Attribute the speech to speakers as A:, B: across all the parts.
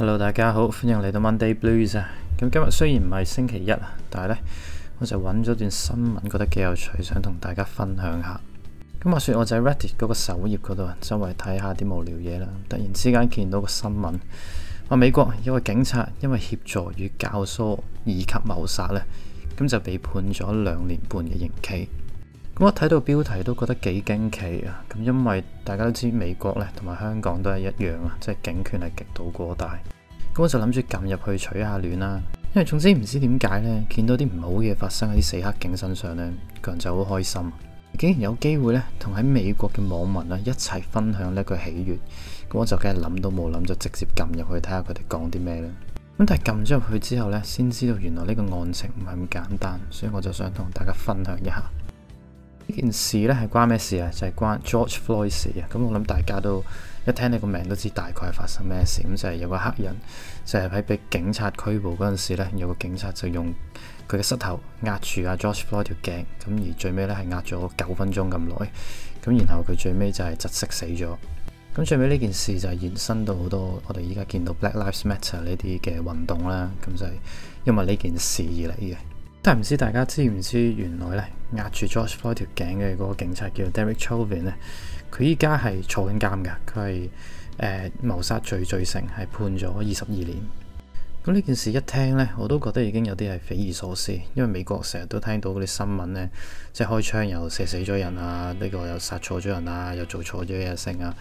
A: Hello，大家好，歡迎嚟到 Monday Blues 啊！咁今日雖然唔係星期一啊，但係呢，我就揾咗段新聞，覺得幾有趣，想同大家分享下。咁話說，我就係 Reddit 嗰個首頁嗰度，周圍睇下啲無聊嘢啦。突然之間見到個新聞，話美國有個警察因為協助與教唆二級謀殺呢，咁就被判咗兩年半嘅刑期。咁我睇到標題都覺得幾驚奇啊！咁因為大家都知美國呢，同埋香港都係一樣啊，即係警權係極度過大。咁我就諗住撳入去取下暖啦，因為總之唔知點解呢，見到啲唔好嘅發生喺啲死黑警身上呢，個人就好開心，竟然有機會呢，同喺美國嘅網民呢一齊分享呢個喜悦，咁我就梗係諗都冇諗，就直接撳入去睇下佢哋講啲咩啦。咁但係撳咗入去之後呢，先知道原來呢個案情唔係咁簡單，所以我就想同大家分享一下呢件事呢，係關咩事啊？就係關 George Floyd 事啊。咁我諗大家都。一聽你個名都知大概發生咩事，咁就係有個黑人就係、是、喺被警察拘捕嗰陣時咧，有個警察就用佢嘅膝頭壓住阿 George Floyd 條頸，咁而最尾咧係壓咗九分鐘咁耐，咁然後佢最尾就係窒息死咗。咁最尾呢件事就係延伸到好多我哋依家見到 Black Lives Matter 呢啲嘅運動啦，咁就係因為呢件事而嚟嘅。但係唔知大家知唔知原來咧壓住 George Floyd 條頸嘅嗰個警察叫 Derek Chauvin 咧？佢依家係坐緊監㗎，佢係誒謀殺罪罪成，係判咗二十二年。咁呢件事一聽呢，我都覺得已經有啲係匪夷所思，因為美國成日都聽到嗰啲新聞呢，即係開槍又射死咗人啊，呢個又殺錯咗人啊，又做錯咗嘢成啊。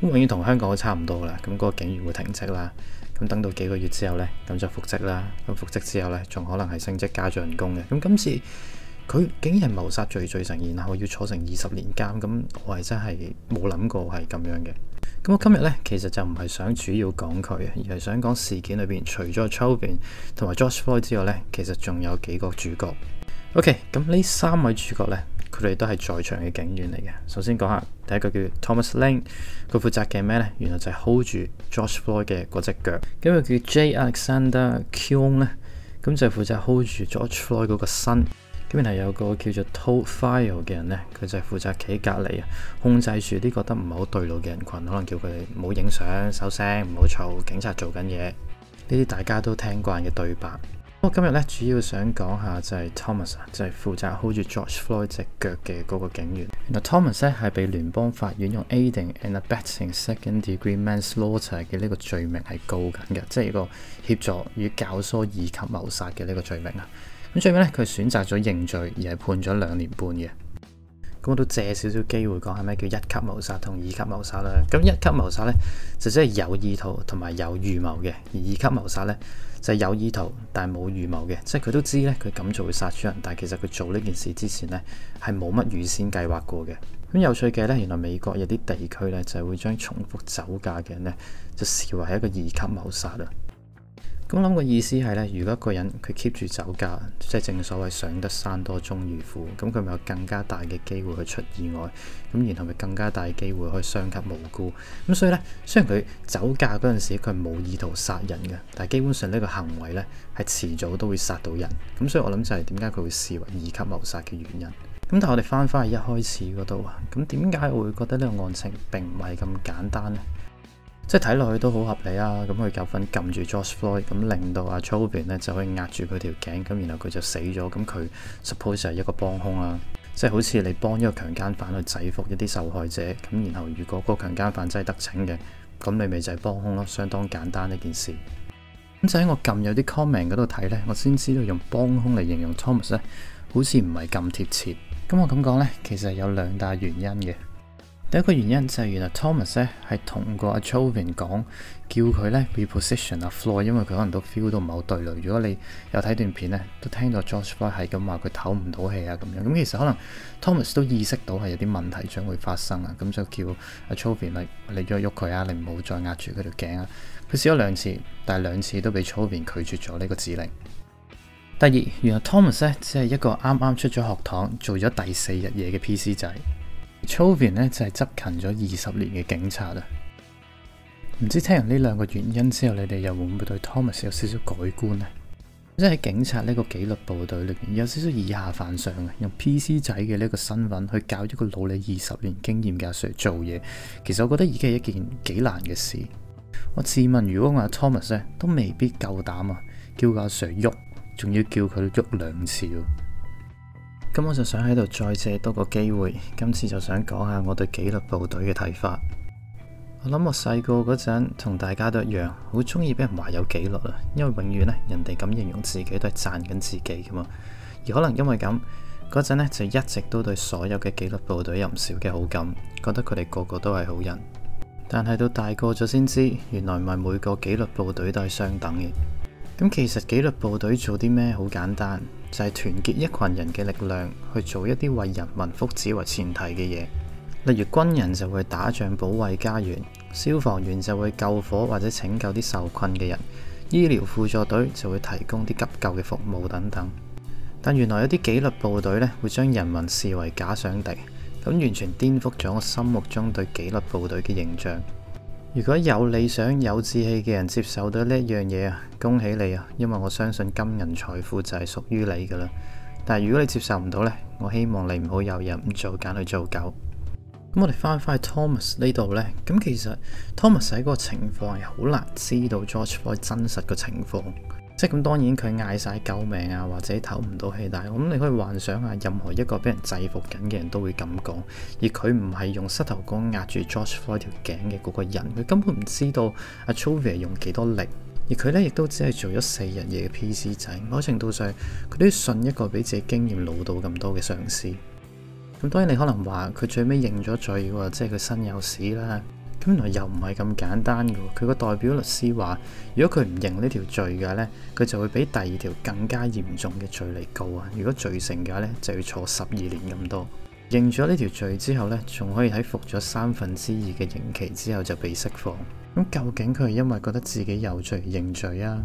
A: 咁永遠同香港都差唔多啦，咁嗰個警員會停職啦，咁等到幾個月之後呢，咁就復職啦，咁復職之後呢，仲可能係升職加咗人工嘅。咁今次。佢竟然係謀殺罪罪成，然後要坐成二十年監，咁我係真係冇諗過係咁樣嘅。咁我今日咧，其實就唔係想主要講佢，而係想講事件裏邊除咗 Chauvin 同埋 George Floyd 之外咧，其實仲有幾個主角。OK，咁呢三位主角咧，佢哋都係在場嘅警員嚟嘅。首先講下第一個叫 Thomas Lane，佢負責嘅咩咧？原來就係 hold 住 George Floyd 嘅嗰隻腳。咁佢叫 J. Alexander Kuong 咧，咁就負責 hold 住 George Floyd 嗰個身。邊係有個叫做 Told File 嘅人呢，佢就係負責企隔離啊，控制住啲覺得唔係好對路嘅人群，可能叫佢哋唔好影相、收聲、唔好嘈，警察做緊嘢。呢啲大家都聽慣嘅對白。我、哦、今日呢，主要想講下就係 Thomas 就係負責 hold 住 George Floyd 隻腳嘅嗰個警員。原來 Thomas 呢係被聯邦法院用 aiding and abetting second degree manslaughter 嘅呢個罪名係告緊嘅，即係一個協助與教唆以及謀殺嘅呢個罪名啊。咁最尾咧，佢選擇咗認罪，而係判咗兩年半嘅。咁我都借少少機會講下咩叫一級謀殺同二級謀殺啦。咁一級謀殺咧就即係有意圖同埋有預謀嘅，而二級謀殺咧就係有意圖但係冇預謀嘅，即係佢都知咧佢咁做會殺出人，但係其實佢做呢件事之前咧係冇乜預先計劃過嘅。咁有趣嘅咧，原來美國有啲地區咧就係會將重複酒駕嘅人咧就視為係一個二級謀殺啦。咁諗嘅意思係咧，如果一個人佢 keep 住酒駕，即係正所謂上得山多終遇虎，咁佢咪有更加大嘅機會去出意外，咁然後咪更加大嘅機會去傷及無辜。咁所以咧，雖然佢酒駕嗰陣時佢冇意圖殺人嘅，但係基本上呢個行為咧係遲早都會殺到人。咁所以我諗就係點解佢會視為二級謀殺嘅原因。咁但係我哋翻返去一開始嗰度啊，咁點解我會覺得呢個案情並唔係咁簡單呢？即睇落去都好合理啊，咁佢夾份撳住 George Floyd，咁、嗯、令到阿 Chauvin 咧就可以壓住佢條頸，咁、嗯、然後佢就死咗，咁、嗯、佢 suppose 係一個幫兇啦。即係好似你幫一個強奸犯去制服一啲受害者，咁、嗯、然後如果個強奸犯真係得逞嘅，咁你咪就係幫兇咯，相當簡單呢件事。咁就喺我撳有啲 comment 嗰度睇咧，我先知道用幫兇嚟形容 Thomas 咧，好似唔係咁貼切。咁我咁講咧，其實有兩大原因嘅。第一個原因就係原來 Thomas 咧係同個阿 Chovin 講叫佢咧 reposition 阿、啊、Floyd，因為佢可能都 feel 到唔係好對路。如果你有睇段片咧，都聽到 George Floyd 係咁話佢唞唔到氣啊咁樣。咁其實可能 Thomas 都意識到係有啲問題將會發生啊，咁就叫阿 Chovin 你你喐喐佢啊，你唔好再壓住佢條頸啊。佢試咗兩次，但係兩次都俾 Chovin 拒絕咗呢個指令。第二，原來 Thomas 咧只係一個啱啱出咗學堂做咗第四日嘢嘅 PC 仔。Chauvin 咧就係、是、執勤咗二十年嘅警察啊，唔知聽完呢兩個原因之後，你哋又會唔會對 Thomas 有少少改觀呢？即係警察呢個紀律部隊裏邊，有少少以下犯上啊，用 PC 仔嘅呢個身份去教一個老嚟二十年經驗嘅阿 Sir 做嘢，其實我覺得已經係一件幾難嘅事。我自問，如果我阿 Thomas 咧，都未必夠膽啊，叫個阿 Sir 喐，仲要叫佢喐兩次。咁我就想喺度再借多個機會，今次就想講下我對紀律部隊嘅睇法。我諗我細個嗰陣同大家都一樣，好中意俾人話有紀律啦，因為永遠咧人哋咁形容自己都係讚緊自己噶嘛。而可能因為咁，嗰陣呢就一直都對所有嘅紀律部隊有唔少嘅好感，覺得佢哋個個都係好人。但係到大個咗先知，原來唔係每個紀律部隊都係相等嘅。咁其實紀律部隊做啲咩好簡單。就係團結一群人嘅力量去做一啲為人民福祉為前提嘅嘢，例如軍人就會打仗保衞家園，消防員就會救火或者拯救啲受困嘅人，醫療輔助隊就會提供啲急救嘅服務等等。但原來有啲紀律部隊呢，會將人民視為假想敵，咁完全顛覆咗我心目中對紀律部隊嘅形象。如果有理想、有志氣嘅人接受到呢一樣嘢啊，恭喜你啊，因為我相信金銀財富就係屬於你㗎喇。但係如果你接受唔到呢，我希望你唔好有人唔做，揀去做狗。咁、嗯、我哋翻返去 Thomas 呢度呢。咁其實 Thomas 喺嗰個情況係好難知道 George Floyd 真實嘅情況。即咁，當然佢嗌晒救命啊，或者唞唔到氣，但係，咁你可以幻想下，任何一個俾人制服緊嘅人都會咁講。而佢唔係用膝頭哥壓住 George Floyd 條頸嘅嗰個人，佢根本唔知道阿 Chauvin 用幾多力。而佢咧，亦都只係做咗四日嘢嘅 PC 仔。某程度上，佢都信一個俾自己經驗老到咁多嘅上司。咁當然你可能話佢最尾認咗罪喎，即係佢身有屎啦。原來又唔係咁簡單嘅喎，佢個代表律師話：如果佢唔認呢條罪嘅呢，佢就會俾第二條更加嚴重嘅罪嚟告啊！如果罪成嘅話呢，就要坐十二年咁多。認咗呢條罪之後呢，仲可以喺服咗三分之二嘅刑期之後就被釋放。咁究竟佢係因為覺得自己有罪而認罪啊？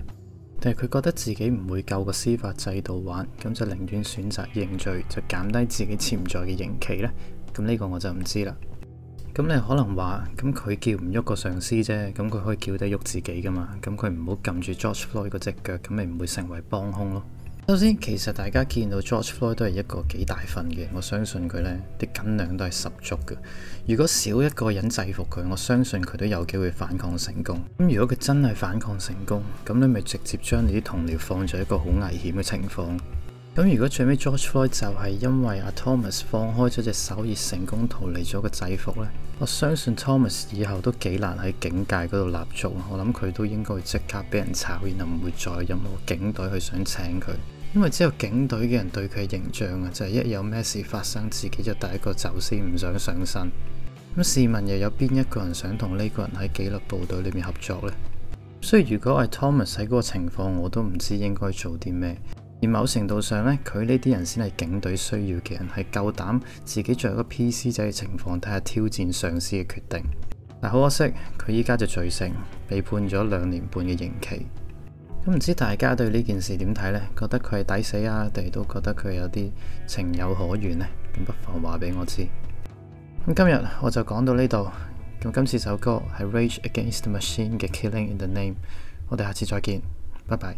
A: 定係佢覺得自己唔會夠個司法制度玩，咁就寧願選擇認罪，就減低自己潛在嘅刑期呢？咁呢個我就唔知啦。咁你可能話，咁佢叫唔喐個上司啫，咁佢可以叫得喐自己㗎嘛？咁佢唔好撳住 George Floyd 嗰隻腳，咁咪唔會成為幫兇咯。首先，其實大家見到 George Floyd 都係一個幾大份嘅，我相信佢呢啲斤兩都係十足嘅。如果少一個人制服佢，我相信佢都有機會反抗成功。咁如果佢真係反抗成功，咁你咪直接將你啲同僚放咗一個好危險嘅情況。咁如果最尾 George Floyd 就係因為阿 Thomas 放開咗隻手而成功逃離咗個制服咧，我相信 Thomas 以後都幾難喺警界嗰度立足。我諗佢都應該會即刻俾人炒，然後唔會再有冇警隊去想請佢，因為之後警隊嘅人對佢嘅形象啊，就係、是、一有咩事發生，自己就第一個走先，唔想上身。咁市民又有邊一個人想同呢個人喺紀律部隊裏面合作呢？所以如果係 Thomas 喺嗰個情況，我都唔知應該做啲咩。而某程度上呢佢呢啲人先係警隊需要嘅人，係夠膽自己作為一個 P C 仔嘅情況底下睇下挑戰上司嘅決定。嗱，好可惜，佢依家就罪成，被判咗兩年半嘅刑期。咁唔知大家對呢件事點睇呢？覺得佢係抵死啊，定係都覺得佢有啲情有可原呢？咁不妨話俾我知。咁今日我就講到呢度。咁今次首歌係《Rage Against the Machine》嘅《Killing in the Name》。我哋下次再見，拜拜。